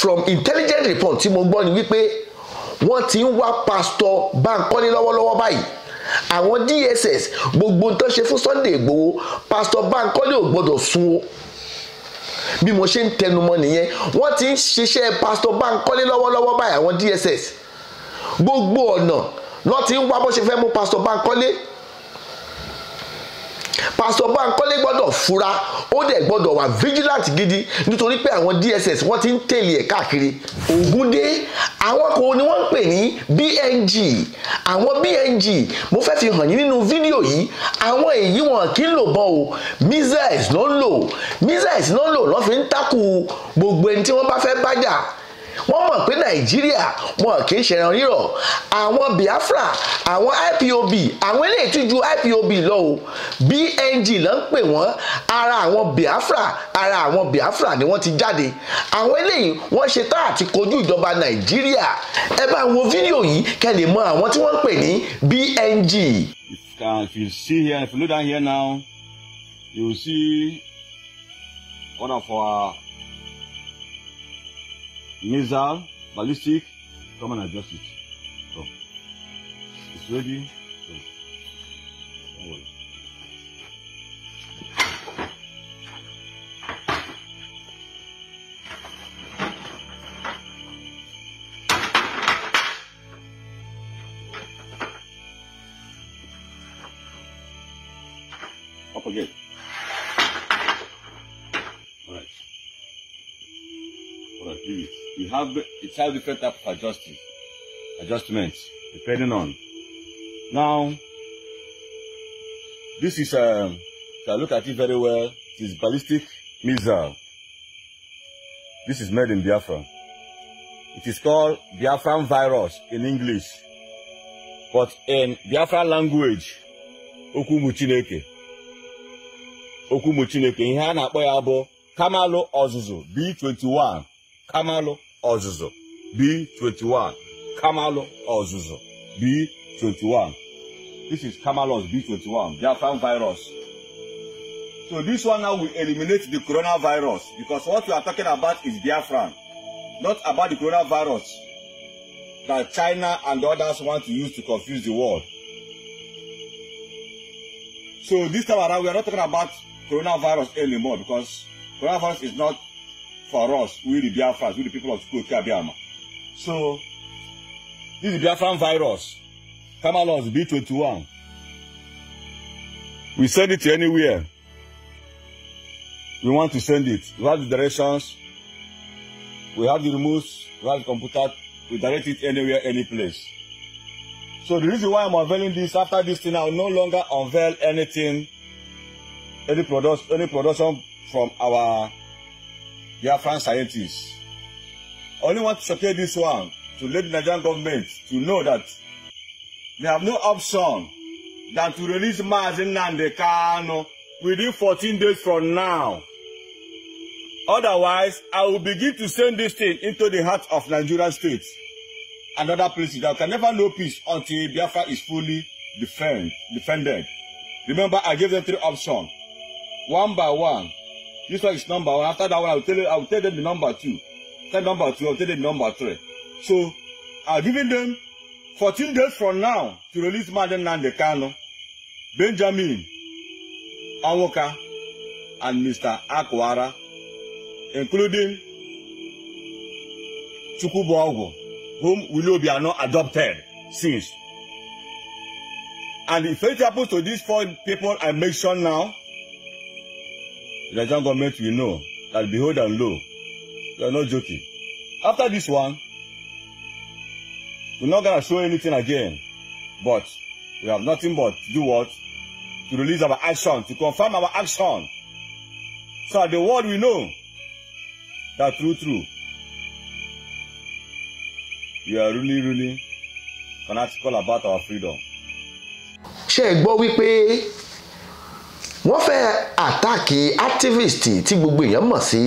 from intelligent report tí mo gbọ́ ni wípé wọ́n ti ń wá pásítọ̀ Bankole lọ́wọ́lọ́wọ́ báyìí àwọn DSS gbogbo tó ṣe fún Sunday Igboho pásítọ̀ Bankole ò gbọ́dọ̀ sun o bí mo ṣe ń tẹnumọ́ nìyẹn wọ́n ti ń ṣiṣẹ́ pásítọ̀ Bankole lọ́wọ́lọ́wọ́ báyìí àwọn DSS gbogbo ọ̀nà lọ́ọ́ ti ń wá bó ṣe fẹ́ mú pásítọ̀ Bankole pásítọ̀ Bánkọ́lé gbọ́dọ̀ fura ó dẹ̀ gbọ́dọ̀ wà vigilant gidi nítorí pé àwọn DSS wọ́n ti ń tẹ̀lé ẹ̀ káàkiri Ògúndé àwọn kan ni wọ́n ń pè ní BNG àwọn BNG mo fẹ́ fi hàn yín nínú fídíò yìí àwọn èyí wọn kì í lò bọ́ o missiles ló ń lò missiles ló ń lò lọ́ fi ń takù gbogbo ẹni tí wọ́n bá fẹ́ bájà wọ́n mọ̀ pé nàìjíríà wọn kì í ṣẹran rírọ̀ àwọn biafra àwọn ipob àwọn eléyìí ju ipob lọ o bng ló ń pè wọ́n ara àwọn biafra ara àwọn biafra ni wọ́n ti jáde àwọn eléyìí wọ́n ṣe tá àti kojú ìjọba nàìjíríà ẹ bá wo fídíò yìí kẹ́ lè mọ àwọn tí wọ́n ń pè ní bng. If, uh, if you see here, if you look down here now, you see one of our missile, ballistic, come and adjust it. So, it's ready. So, don't worry. Up again. have it has different type of adjusting, adjustments depending on. Now, this is a, um, if I look at it very well, it is ballistic missile. This is made in Biafra. It is called Biafran virus in English, but in Biafra language, Okumuchineke Okumuchineke Okumu Chineke, ihe Kamalụ ọzụzụ B21 kamalo. ọzụzụ B21 Kamalụ ọzụzụ B21 this is Kamalus B21 Biafran virus so this one now will eliminate the coronavirus because what we are talking about is Biafran not about the coronavirus that China and others want to use to confuse the world so this time around we are not talking about coronavirus anymore because coronavirus is not for us, we the Biafras, we the people of school, Kuka Biama. So, this is Biafran virus. Come B21. We send it anywhere. We want to send it. We have the directions. We have the remote, We have the computer. We direct it anywhere, any place. So the reason why I'm unveiling this after this thing, I will no longer unveil anything, any product, any production from our Biafran scientists. Only want to secure this one to let the Nigerian government to know that they have no option than to release Mazin Nandekano within fourteen days from now. Otherwise, I will begin to send this thing into the heart of Nigerian state and other places that can never know peace until Biafra is fully defend, defended. Remember, I gave them three options. One by one, This one is number one. After that one, I will tell you, I will tell them the number two. Tell number two, I will tell them the number three. So I've given them 14 days from now to release Madam Nandekano, Benjamin Awoka, and Mr. Akwara, including Chukwubuogo, whom are not adopted since. And if anything happens to these four people I mentioned now, The Nigerian government will know that behold and lo, you are not joking. After this one, we're not gonna show anything again, but we have nothing but to do what? To release our action, to confirm our action. So that the world will know that true, true. We are really, really fanatical about our freedom. ṣe gbọ́ wípé wọ́n fẹ́ àtàkì activist tí gbogbo èèyàn mọ̀ sí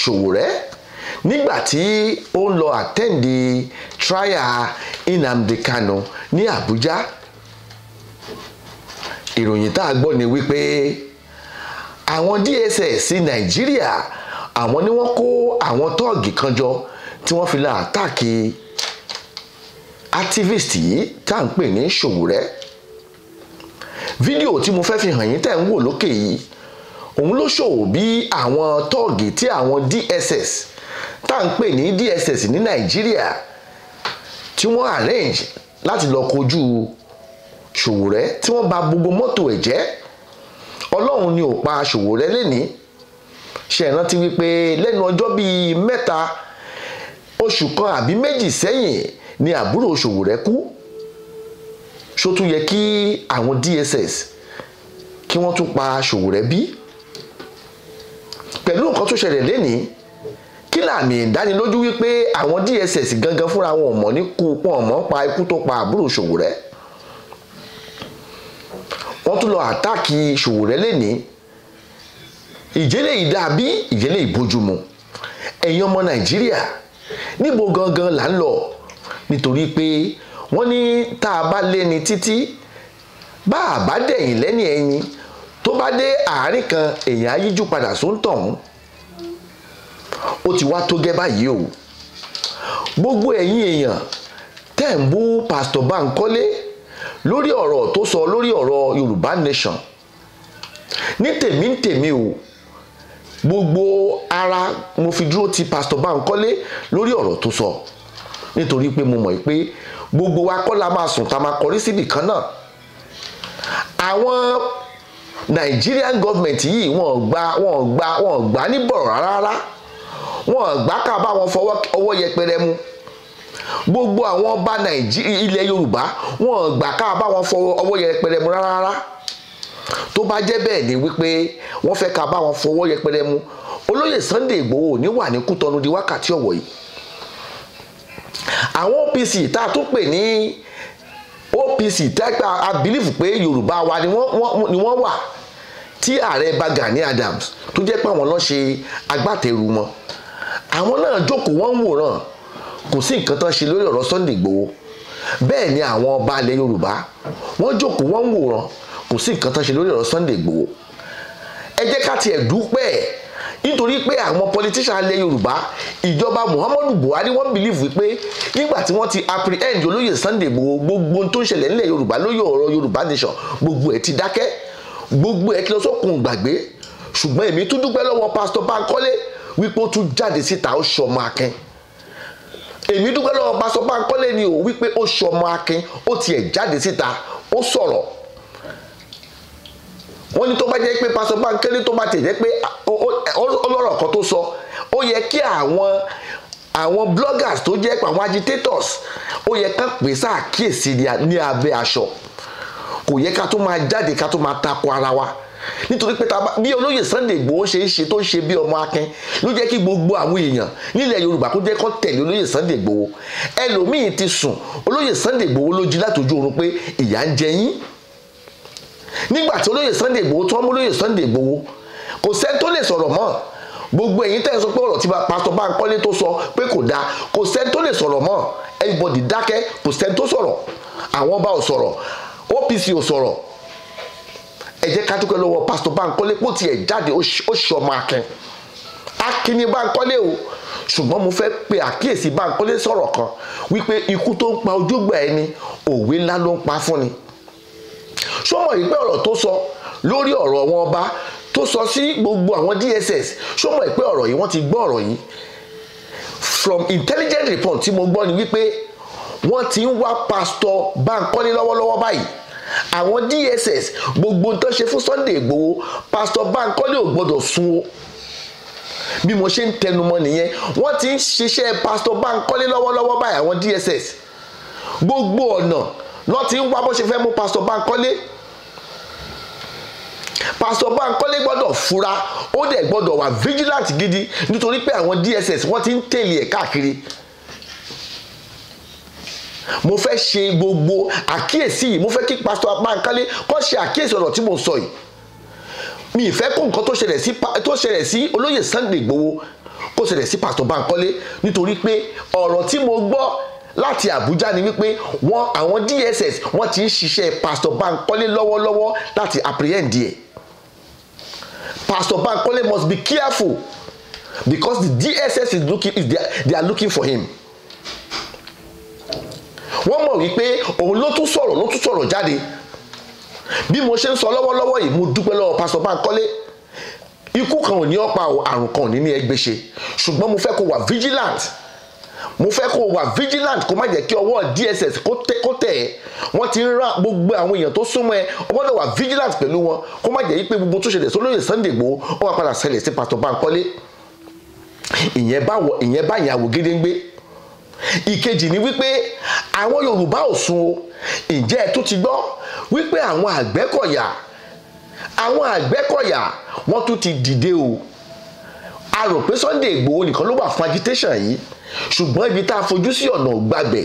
Ṣòwòrẹ́ nígbà tí ó ń lọ àtẹ́ǹdì trial Nnamdi Kanu ní Àbújá ìròyìn tá a gbọ́ ni wípé àwọn DSS Nàìjíríà àwọn ni wọ́n kó àwọn tọ́ọ̀gì kan jọ tí wọ́n fi la àtàkì activist yìí tá à ń pè ní Ṣòwòrẹ́ fídíò tí mo fẹ́ fi hàn yín tẹ̀ ń wò lókè yìí òun ló ṣòwò bí àwọn tọ́ọ̀gì tí àwọn DSS tá à ń pè ní DSS ní Nàìjíríà tí wọ́n arrange láti lọ kojú Ṣòwòrẹ́ tí wọ́n bà gbogbo mọ́tò ẹ̀ jẹ́ Ọlọ́run ni ò pa Ṣòwòrẹ́ lẹ́ni ṣe ìrántí wípé lẹ́nu ọjọ́ bíi mẹ́ta oṣù kan àbí méjì sẹ́yìn ni àbúrò Ṣòwòrẹ́ kú ṣó tún yẹ kí àwọn DSS kí wọ́n tún pa Ṣòwòrẹ́bí pẹ̀lú nǹkan tó ṣẹlẹ̀ lénìí kí làmì ìdánilójú wípé àwọn DSS gangan fúnra wọn mọ̀ ní kú pọ̀ mọ́ pa ikú tó pa àbúrò Ṣòwòrẹ́ wọ́n tún lọ àtáàkì Ṣòwòrẹ́ lénìí ìjẹ́lẹ̀ ìdàbí ìjẹ́lẹ̀ ìbójúmu ẹ̀yin ọmọ Nàìjíríà níbo gangan là ń lọ nítorí pé wọ́n ní tá a bá lé ni títí bá a bá dẹ̀yìn lẹ́ni ẹyin tó bá dé àárín kan èèyàn ayíjú padà sóńtọ̀hún ó ti wá tó gẹ́ báyìí o gbogbo ẹ̀yin èèyàn tẹ́ ń bú pásítọ̀ Bánkọ́lé lórí ọ̀rọ̀ tó sọ lórí ọ̀rọ̀ Yorùbá Nation ní tèmi ń tèmi o gbogbo ara mo fi dúró ti pásítọ̀ Bánkọ́lé lórí ọ̀rọ̀ tó sọ nítorí pé mo mọ̀ pé gbogbo wa kọ́ la máa sùn tá a máa kọrí síbì kan náà àwọn Nigerian government yìí wọ́n gbà wọ́n gbà wọ́n gbà ní bọ̀rọ̀ rárá wọ́n gbà ká bá wọn fọwọ́ ọwọ́ yẹpẹrẹ mu gbogbo àwọn ọba ilẹ̀ Yorùbá wọ́n gbà ká bá wọn fọwọ́ ọwọ́ yẹpẹrẹ mu rárá tó bá jẹ́ bẹ́ẹ̀ ni wípé wọ́n fẹ́ ká bá wọn fọwọ́ yẹpẹrẹ mu olóyè Sunday Ìgbòho ò ní wà ní Kútọ́nù di wákàtí ọ̀wọ̀ yìí àwọn OPC tá a tún pè ní OPC tẹ́gbà a believe pé Yorùbá wa ni wọ́n wà tí ààrẹ bá Gani Adams tó jẹ́ pé àwọn lọ́ọ́ ṣe agbátẹrù wọn àwọn náà jókòó wọ́n ń wòran kò sí nǹkan tán ṣe lórí ọ̀rọ̀ Sunday Igboho bẹ́ẹ̀ ni àwọn ọba ilẹ̀ Yorùbá wọ́n jókòó wọ́n ń wòran kò sí nǹkan tán ṣe lórí ọ̀rọ̀ Sunday Igboho ẹ jẹ́ ká tiẹ̀ dúpẹ́ ẹ̀ nítorí pé àwọn politician ilẹ̀ yorùbá ìjọba muhammadu buhari wọ́n believe wípé nígbà tí wọ́n ti apprehend olóyè sunday gbogbo gbogbo tó ń ṣẹlẹ̀ nílẹ̀ yorùbá lóyè ọ̀rọ̀ yorùbá nation gbogbo ẹ̀ ti dákẹ́ gbogbo ẹ̀ ti lọ sókun gbàgbé ṣùgbọ́n èmi tún dúpẹ́ lọ́wọ́ pastor bankole wípé ó tún jáde síta ó ṣọmọ akin èmi dúpẹ́ lọ́wọ́ pastor bankole ni ò wípé ó ṣọmọ akin ó tiẹ̀ jáde síta ó sọ̀rọ̀ wọ́n ní tó bá jẹ́ pé pásọ báńkẹ́lẹ́ tó bá tẹ̀ jẹ́ pé ọlọ́rọ̀ kan tó sọ ó yẹ kí àwọn àwọn bloggers tó jẹ́ àwọn agitators ó yẹ kán pè sáàkíyèsí ní abẹ́ aṣọ kò yẹ ká tó máa jáde ká tó máa tako ara wa nítorí pé bí olóyè Sunday Igboho ṣe ń ṣe tó ń ṣe bí ọmọ akin ló jẹ́ kí gbogbo àwọn èèyàn nílẹ̀ Yorùbá kó jẹ́ kó tẹ̀lé olóyè Sunday Igboho ẹlòmíín ti sùn olóyè Sunday Igboho ló jí látòjú oorun pé ìyà ń jẹ yín nígbà tí olóyè Sunday Igboho tó ń mú olóyè Sunday Igboho kò sẹ́ni tó lè sọ̀rọ̀ mọ́ gbogbo ẹ̀yin tẹ́ ẹ sọ pé ọ̀rọ̀ tí pásítọ̀ Bánkọ́lé tó sọ pé kò dáa kò sẹ́ni tó lè sọ̀rọ̀ mọ́ everybody dákẹ́ kò sẹ́ni tó sọ̀rọ̀ àwọn ọba ò sọ̀rọ̀ OPC ò sọ̀rọ̀ ẹ jẹ́ ká dúpẹ́ lọ́wọ́ pásítọ̀ Bánkọ́lé kó tiẹ̀ jáde ó ṣọmọ akin akin ni Bánkọ́lé o ṣùgbọ́n mo fẹ́ pe àkíyèsí Bánkọ́lé sọ̀rọ̀ kan wípé ikú tó ń pa ojúgbà ẹni òwe ńlá ló ń pa fún ni sọmọ yìí tó sọ sí gbogbo àwọn DSS ṣó mọ̀ pé ọ̀rọ̀ yìí wọ́n ti gbọ́ ọ̀rọ̀ yìí from intelligent report tí mo gbọ́ ni wípé wọ́n ti ń wá pásítọ̀ Bankole lọ́wọ́lọ́wọ́ báyìí àwọn DSS gbogbo tó ṣe fún Sunday Igboho pásítọ̀ Bankole ò gbọ́dọ̀ sun o bí mo ṣe ń tẹnumọ́ nìyẹn wọ́n ti ń ṣiṣẹ́ pásítọ̀ Bankole lọ́wọ́lọ́wọ́ báyìí àwọn DSS gbogbo ọ̀nà lọ́ọ́ ti ń wá bó ṣe fẹ́ mú pásítọ̀ Bankole pásítọ̀ Bánkọ́lé gbọ́dọ̀ fura ó dẹ̀ gbọ́dọ̀ wà vigilant gidi nítorí pé àwọn DSS wọ́n ti ń tẹ̀lé ẹ̀ káàkiri mo fẹ́ ṣe gbogbo àkíyèsí yìí mo fẹ́ kí pásítọ̀ Bánkọ́lé kó ṣe àkíyèsí ọ̀rọ̀ tí mo sọ yìí mi ì fẹ́ kó nǹkan tó ṣẹlẹ̀ sí tó ṣẹlẹ̀ sí olóyè Sunday Igboho kó ṣẹlẹ̀ sí pásítọ̀ Bánkọ́lé nítorí pé ọ̀rọ̀ tí mo gbọ́ láti Àbújá ni wípé wọn àwọn DSS wọn ti ń ṣiṣẹ́ pásítọ̀ Bánkọ́lé lọ́wọ́lọ́wọ́ láti apprehend ẹ̀ Pastor Bankole must be careful because the DSS is looking is there, they are looking for him. Wọ́n mọ̀ wípé òun ló tún sọ̀rọ̀ ló tún sọ̀rọ̀ jáde. Bí mo ṣe ń sọ lọ́wọ́lọ́wọ́ yìí mo dúpẹ́ lọ́wọ́ Pastor Bankole ikú kan ò ní ọ̀pá àrùn kan ò ní ní ẹgbẹ́ ṣe ṣùgbọ́n mo fẹ́ kó wà vigilant mo fẹ́ kó wà vigilant kó má jẹ́ kí ọwọ́ dss kó tẹ̀ ẹ́ wọ́n ti ń rán gbogbo àwọn èèyàn tó súnmọ́ ẹ o gbọ́dọ̀ wà vigilant pẹ̀lú wọn kó má jẹ́ yí pé gbogbo tó ṣẹlẹ̀ sólóyè Sunday Igboho ó wá padà ṣẹlẹ̀ sí pásítọ̀ Bankole ìyẹn báwọ ìyẹn báyìí àwògede ń gbé ìkejì ni wípé àwọn Yorùbá ò sun o ǹjẹ́ ẹ tún ti gbọ́ wípé àwọn Àgbẹ̀kọ̀yà àwọn Àgbẹ̀kọ̀yà wọ́n tún ti dìde o a rò pé Sunday Ìgbòho nìkan ló wà fún agitation yìí ṣùgbọ́n ibi tá a fojú sí ọ̀nà ògbàgbẹ́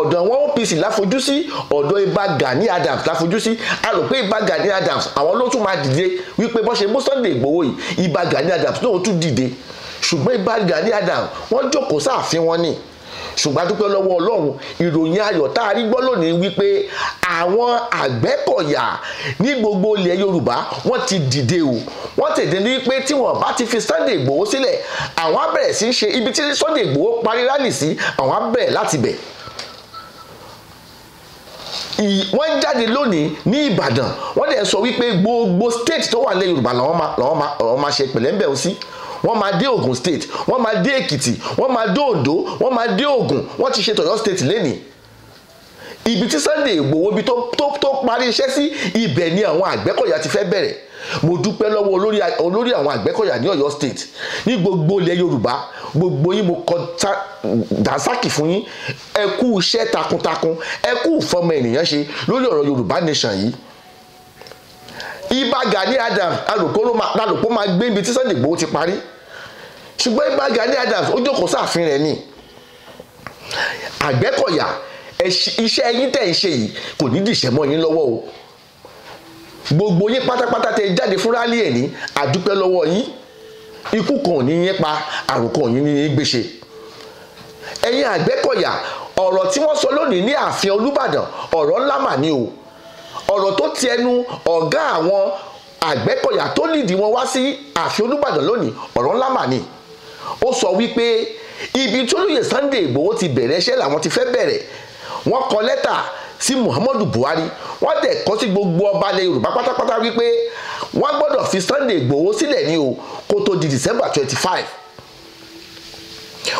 ọ̀dọ̀ àwọn OPC láfojú sí ọ̀dọ̀ Ìbà Gani Adams láfojú sí a rò pé Ìbà Gani Adams àwọn ló tún máa dìde wípé bọ́n ṣe mú Sunday Ìgbòho yìí Ìbà Gani Adams náà tún dìde ṣùgbọ́n Ìbà Gani Adams wọ́n jókòó sáàfin wọn ni ṣùgbọ́n dúpẹ́ lọ́wọ́ ọlọ́run ìròyìn ayọ̀ tá a rí gbọ́ lónìí wípé àwọn àgbẹ̀kọ̀yà ní gbogbo ilẹ̀ yorùbá wọ́n ti dìde o wọ́n tètè ní pé tí wọ́n bá ti fi Sunday Igboho sílẹ̀ àwọn á bẹ̀rẹ̀ sí í ṣe ibi tí Sunday Igboho parí rálì sí àwọn á bẹ̀rẹ̀ láti bẹ̀ wọ́n jáde lónìí ní Ìbàdàn wọ́n dẹ̀ sọ wípé gbogbo state tó wà lẹ́ Yorùbá làwọn máa ṣe pẹ̀lẹ́ńbẹ̀ ó sí. Si wọ́n máa dé Ògùn state wọ́n máa dé Èkìtì wọ́n máa dé Oǹdó wọ́n máa dé Ògùn wọ́n ti ṣe tọ̀yọ́ state lẹ́nìí ibi tí Sunday Igboho ibi tó parí iṣẹ́ sí ibẹ̀ ni àwọn Àgbẹ̀kọ̀yà ti fẹ́ bẹ̀rẹ̀ mo dúpẹ́ lọ́wọ́ olórí àwọn Àgbẹ̀kọ̀yà ní Ọ̀yọ́ state ní gbogbo ilẹ̀ Yorùbá gbogbo yín mo kọ dànsákì fún yín ẹ kú iṣẹ́ takuntakun ẹ kú ìfọmọ ènìyàn ṣe lórí ọ̀rọ̀ Yorùbá nation yìí Ìbà Gani Adams lálòpọ̀ máa gbé ibi tí Sunday Igboho ti parí ṣùgbọ́n Ìbà Gani Adams ó jókòó sáàfin rẹ̀ ni Àgbẹ̀kọ̀yà iṣẹ́ yín tẹ̀ ń ṣe yìí kò ní dìṣẹ́ mọ́ yín lọ́wọ́ o gbogbo yín pátápátá tẹ jáde fún rálí ẹ̀ ní àdúpẹ́ lọ́wọ́ yín ikú kan ò ní yín pa àrùn kan ò ní yín gbéṣe ẹ̀yin Àgbẹ̀kọ̀yà ọ̀rọ̀ tí wọ́n sọ lónìí ní ààfin Olúbàdàn ọ̀rọ̀ ńlá mà ní o ọ̀rọ̀ tó ti ẹnu ọ̀gá àwọn àgbẹ̀kọ̀yà tó nídìí wọn wá sí ààfin olúbàdàn lónìí ọ̀rọ̀ ńlá mà ni ó sọ wípé ibi tí olóyè Sunday Ìgbòho ti bẹ̀rẹ̀ iṣẹ́ làwọn ti fẹ́ bẹ̀rẹ̀ wọ́n kọ lẹ́tà sí Muhammadu Buhari wọ́n dẹ̀ kọ́ sí gbogbo ọba ilẹ̀ Yorùbá pátápátá wípé wọ́n gbọ́dọ̀ fi Sunday Ìgbòho sílẹ̀ ni o kó tó di December twenty five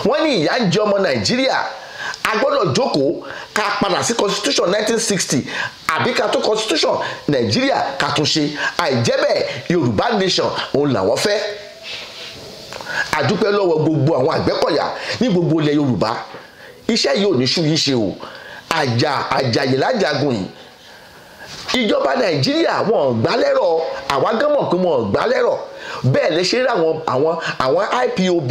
wọ́n ní ìyà ń jẹ ọmọ Nàìjíríà a gbọ́dọ̀ jókòó ká padà sí constitution 1960 àbí ká tó constitution nàìjíríà ká tún ṣe àìjẹ́ bẹ́ẹ̀ yorùbá nation òun làwọn fẹ́ àdúpẹ́ lọ́wọ́ gbogbo àwọn àgbẹ̀kọ̀yà ní gbogbo ilẹ̀ yorùbá iṣẹ́ yìí ò ní ṣú yìí ṣe o àjà àjàyè lájàgùn yìí ìjọba nàìjíríà wọn gbálẹ́rọ̀ àwa gán mọ̀ pé wọn ò gbá lẹ́rọ̀ bẹ́ẹ̀ lè ṣe rí àwọn àwọn àwọn IPOB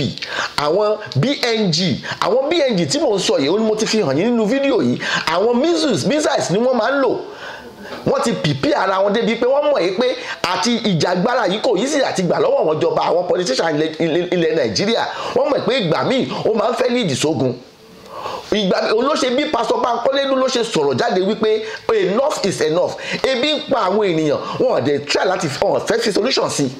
àwọn BNG àwọn BNG tí mò ń sọ yìí ó ní mo ti fi hàn yín nínú fídíò yìí àwọn missiles missiles ni wọ́n máa ń lò wọ́n ti pìpì ara wọn débi pé wọ́n mọ̀ yìí pé àti ìjàgbára yìí kò yìí sì àti gbà lọ́wọ́ wọn jọba àwọn politician ilẹ̀ Nàìjíríà wọ́n mọ̀ pé ìgbà míì ó máa ń fẹ́ ní ìdìsógun ìgbà olóṣè bí pásítọ̀ Bankole ló ṣe sọ̀rọ̀ jáde wípé enough is enough ebi ń pa àwọn ènìyàn wọn ò dé try láti wọn fẹ́ fi solution sí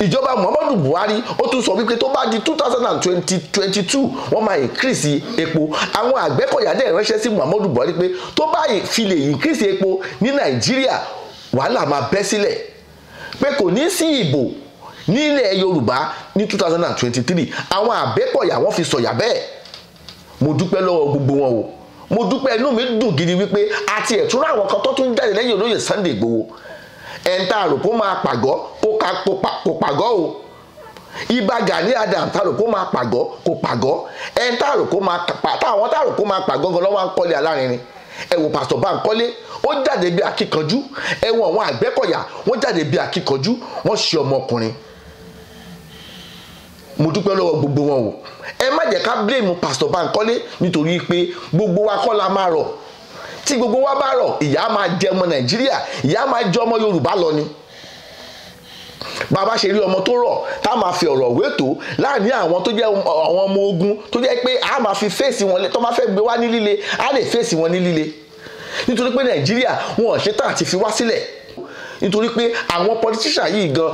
ìjọba Muhammadu Buhari ó tún sọ wípé tó bá di two thousand and twenty twenty two wọ́n máa increase epo àwọn Àgbẹ̀kọ̀yà dẹ̀ ránṣẹ́ sí Muhammadu Buhari pé tó bá fi lè increase epo ní Nàìjíríà wàhálà máa bẹ́ sílẹ̀ pé kò ní sí ìbò nílẹ̀ Yorùbá ní two thousand and twenty three àwọn àbẹ́pọ̀yà wọ́n fi sọ̀yà bẹ́ẹ̀ mo dúpẹ́ lọ́wọ́ gbogbo wọn o mo dúpẹ́ inú mi dùn gidi wípé àti ẹ̀tún àwọn kan tó tún jáde lẹ́yìn olóyè Sunday Igboho ẹ̀ńtà àròpó máa pàgọ́ kó pàgọ́ o ibà Gani adam. tá a rò kó máa pàgọ́ kó pàgọ́ ẹni tá a rò kó máa pa táwọn tá a rò kó máa pàgọ́ gan lọ́wọ́ à ń kọ́lé alárinrin ẹ wò pásítọ̀ Bánkọ́lé ó jáde bí akíkanjú ẹ wọ àwọn Àgbẹ̀kọ̀yà wọ́n jáde bí akíkanjú wọ́n ṣe ọmọkùnrin mo dúpẹ́ lọ́wọ́ gbogbo wọn o ẹ má jẹ́ ká blame pastor Bankole nítorí pé gbogbo wa kọ́ la máa rọ̀ tí gbogbo wa bá rọ̀ ìyà máa jẹ ọmọ Nàìjíríà ìyà máa jẹ ọmọ Yorùbá lọ ni bàbá ṣe rí ọmọ tó rọ̀ tá a máa fi ọ̀rọ̀ wétò láàrin àwọn tó jẹ́ àwọn ọmọ ogun tó jẹ́ pé a máa fi fèsì wọn tó máa fẹ́ gbé wá ní líle a lè fèsì wọn ní líle nítorí pé Nàìjíríà wọn ò ṣetán àti fi wá sílẹ̀ nítorí pé àwọn politician yìí gan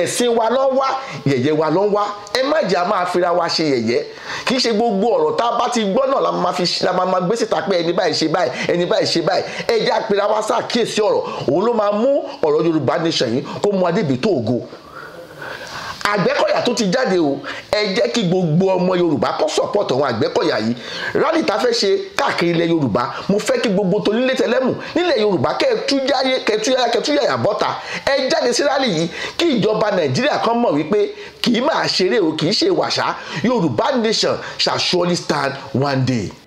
ẹ̀sìn wa ló wá yẹ̀yẹ́ wa ló ń wá ẹ má jẹ́ a máa fira wa ṣe yẹ̀yẹ́ kì í ṣe gbogbo ọ̀rọ̀ tá a bá ti gbọ́ náà la máa fi la máa máa gbé síta pé ẹni báyìí ṣe báyìí ẹni báyìí ṣe báyìí ẹ jẹ́ àpèrè wa sáà kíyèsí ọ̀rọ̀ òun ló máa mú ọ̀rọ̀ Yorùbá nation yìí kó mú adébító ògo àgbẹ̀kọ̀yà tó ti jáde o ẹ jẹ́ kí gbogbo ọmọ yorùbá kó support àwọn àgbẹ̀kọ̀yà yìí rally tá fẹ́ ṣe káàkiri ilẹ̀ yorùbá mo fẹ́ kí gbogbo tó nílé tẹlẹ́mù nílẹ̀ yorùbá kẹ́ẹ̀túyáyé kẹ́ẹ̀túyáyá kẹ́ẹ̀túyáyá bọ́ta ẹ jáde sí rally yìí kí ìjọba nàìjíríà kan mọ̀ wípé kì í máa ṣeré o kì í ṣe wàṣà yorùbá nation shall surely stand one day.